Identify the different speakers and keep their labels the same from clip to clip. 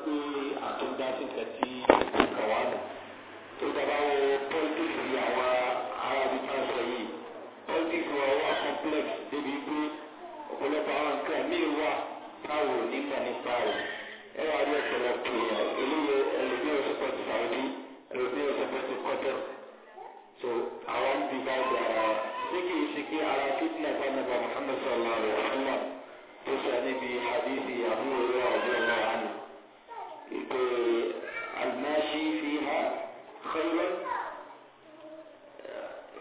Speaker 1: pé àtúndá sí nǹkan tí kò wá nù tó dábàá wọ politics àwọn arábí transfer yìí politics wọn wà complex débi pé ọ̀pọ̀lọpọ̀ àwọn nǹkan míì wà táwọn ò nípa rẹ̀ ẹ wà ní ọ̀pọ̀lọpọ̀ èèyàn eléyè ẹlòmíràn support Saudi ẹlòmíràn support Qatar so àwọn ń bí báyìí ara wa ṣé kì í ṣe pé ara fitna bá nàbà Muhammad sallallahu alaihi wa sallam tó sọ níbi hadithi àbúrò الماشي فيها خيرا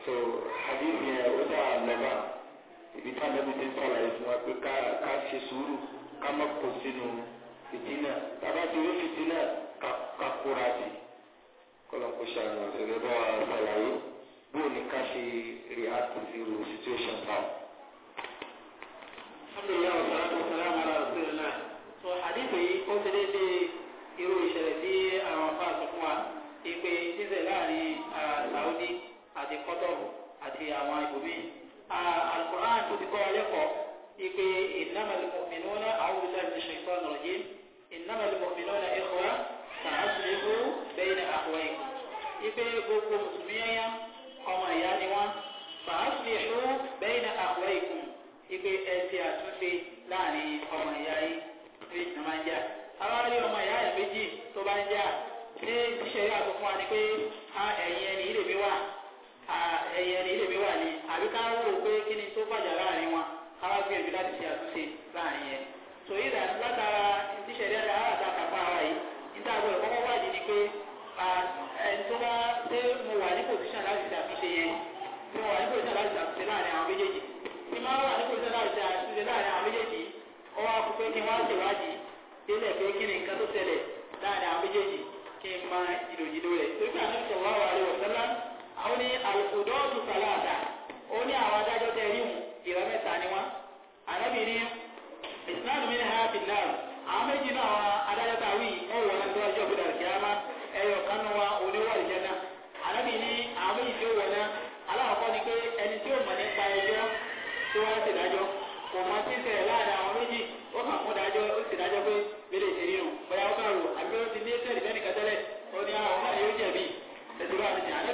Speaker 1: so hadith yẹn ó dá àlọ́bà ibi tí àlọ́bì ti ń sàlàyé fún wa pé ká ṣe sùúrù ká má kó sínú fìtínà tábà ti rí fìtínà ká kóra sí kọlọ́nkó ṣàánú àtẹ̀lẹ́ bá wa sàlàyé bó ni ká ṣe react to the situation now.
Speaker 2: ipe ṣíṣẹ̀ láàrin ah, Saudi àti Qatar àti àwọn ibòmíì ah, Al-Qur'an tó ti kọ́ ọlẹ́kọ̀ọ́ ipe innamal mu'minuna a'udhu billahi minash shaitanir rajim innamal mu'minuna ikhwa fa'aslihu bayna akhawaykum ipe gbogbo mùsùlùmí ẹ̀yà ọmọ ìyá ni wọ́n fa'aslihu bayna akhawaykum ipe ẹ̀sì àtúnṣe láàrin ọmọ ìyá yìí ní ń jà. àwọn ọmọ ìyá ìbejì tó bá ń jà ṣẹlẹ̀ àtọ fún wa ni pé ẹ̀yìn ẹni ilé mi wà ẹ̀yìn ẹni ilé mi wà ni àbí ká wúro pé kí ni tó fàjà láàrin wọn ká wá gbìyànjú láti ṣe àtúnṣe láàrin yẹn so yìí dà látara ti ṣẹlẹ̀ àtọ àwọn àtàkà fún ara yìí níta àgbẹ̀ kọ́kọ́ wájì ni pé ẹni tó bá dé mo wà ní pòsíṣàn láti ṣe àtúnṣe yẹn mo wà ní pòsíṣàn láti ṣe àtúnṣe láàrin àwọn méjèèjì tí máa wà ní pòsíṣàn láti ṣe àtúnṣe láàrin àwọn méjèèjì kí n máa ìròyìn rẹ̀. Torí pé àná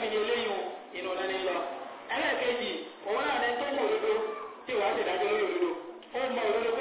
Speaker 2: níbi eléyìí o inú náà ní ẹlẹ́ẹ̀kejì òun náà ní tó mọ òdodo tí ìwà ti dájọ́ lórí òdodo ó mọ òdodo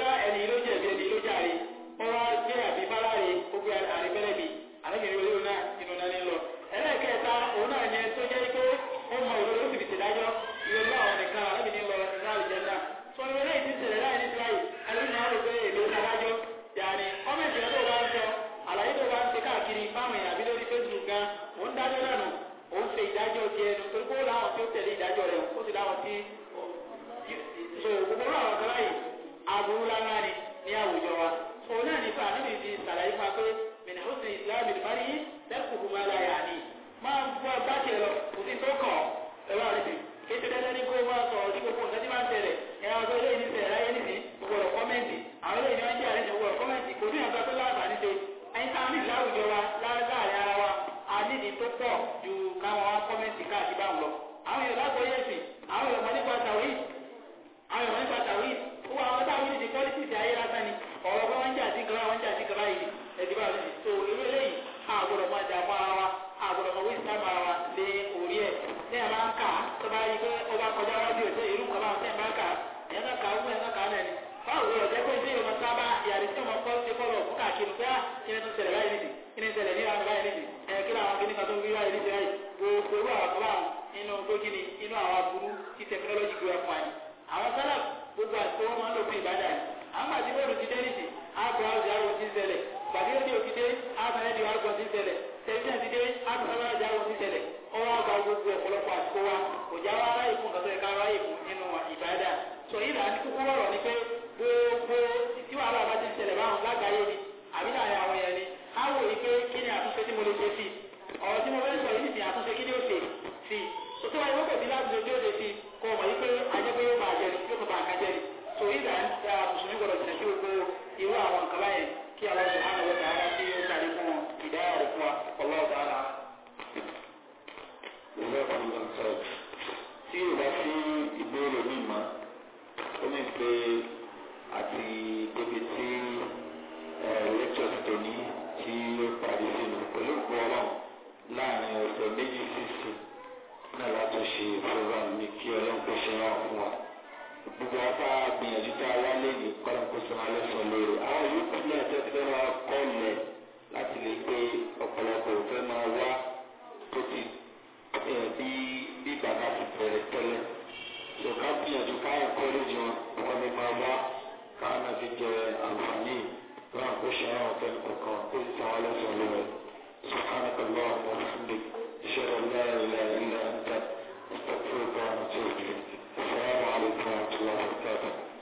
Speaker 2: láwọn tí so gbogbo àwọn kan báyìí aburú lánà ni ní àwùjọ wa so náà nípa ànábì fi sàlàyé fún wa pé mìnà ó sì ìsìlámù ìdìbárí lẹ́kùnkùn máa láyà ní máa ń gbọ́ gbájẹ lọ kò sí tó bá kọjá wájú ètò ìlú kọba ọ̀sẹ̀ bá kà ẹ̀ náà kà ọ̀gbọ̀n náà kà á lẹ́ni. báwo lọ jẹ́ pé ṣé ìwọ̀n sábà ìyàrí tí wọ́n kọ́ ṣe kọ́lọ̀ fún káàkiri pé ah, kí ni tó ṣẹlẹ̀ báyìí nìyí kí ni ṣẹlẹ̀ nílànà báyìí nìyí ẹ̀ kí làwọn kìnnìkan tó ń wí báyìí nìyí báyìí gbogbo àwọn kọ́lá inú gbógini inú àwọn aburú títẹ̀ gbogbo ọ̀pọ̀lọpọ̀ àsìkò wa kò já wa ráyè fún nǹkan tó yẹ ká ráyè fún nínú ìbádà sọ yìí náà ní kúkúrú ọ̀rọ̀ ni pé gbogbo tí wàhálà bá ti ń ṣẹlẹ̀ báwọn lágbàáyé ni àbí láàrin àwọn èèyàn ni á wò yí pé kí ni àtúnṣe tí mo lè ṣe sí ọ̀rọ̀ tí mo fẹ́ sọ yìí ni àtúnṣe kí ni ó
Speaker 1: pé àti débi tí lectures tó ní tí ó parí sínú pẹ̀lú òkú ọlọ́run láàrin ọ̀sẹ̀ méjì sísè náà láti ṣe program ní kí ọlọ́run kó ṣe wá fún wa. gbogbo apá gbìyànjú tá a wá lẹ́yìn kọ́lá kó sọ wọn lọ́sọ̀ lórí. àwọn yòókù náà tẹ́ máa kọ́ lẹ̀ láti lè gbé ọ̀pọ̀lọpọ̀ fẹ́ máa wá tó ti bí bàbá ti bẹ̀rẹ̀ tẹ́lẹ̀. So kati ya tukayo kolejo wamemama kana fike amfani ran kusha yawa kan kuka kun ta'ala sallallahu سبحانك اللهم وبحمدك اشهد ان لا اله الا انت استغفرك واتوب اليك السلام عليكم ورحمه الله وبركاته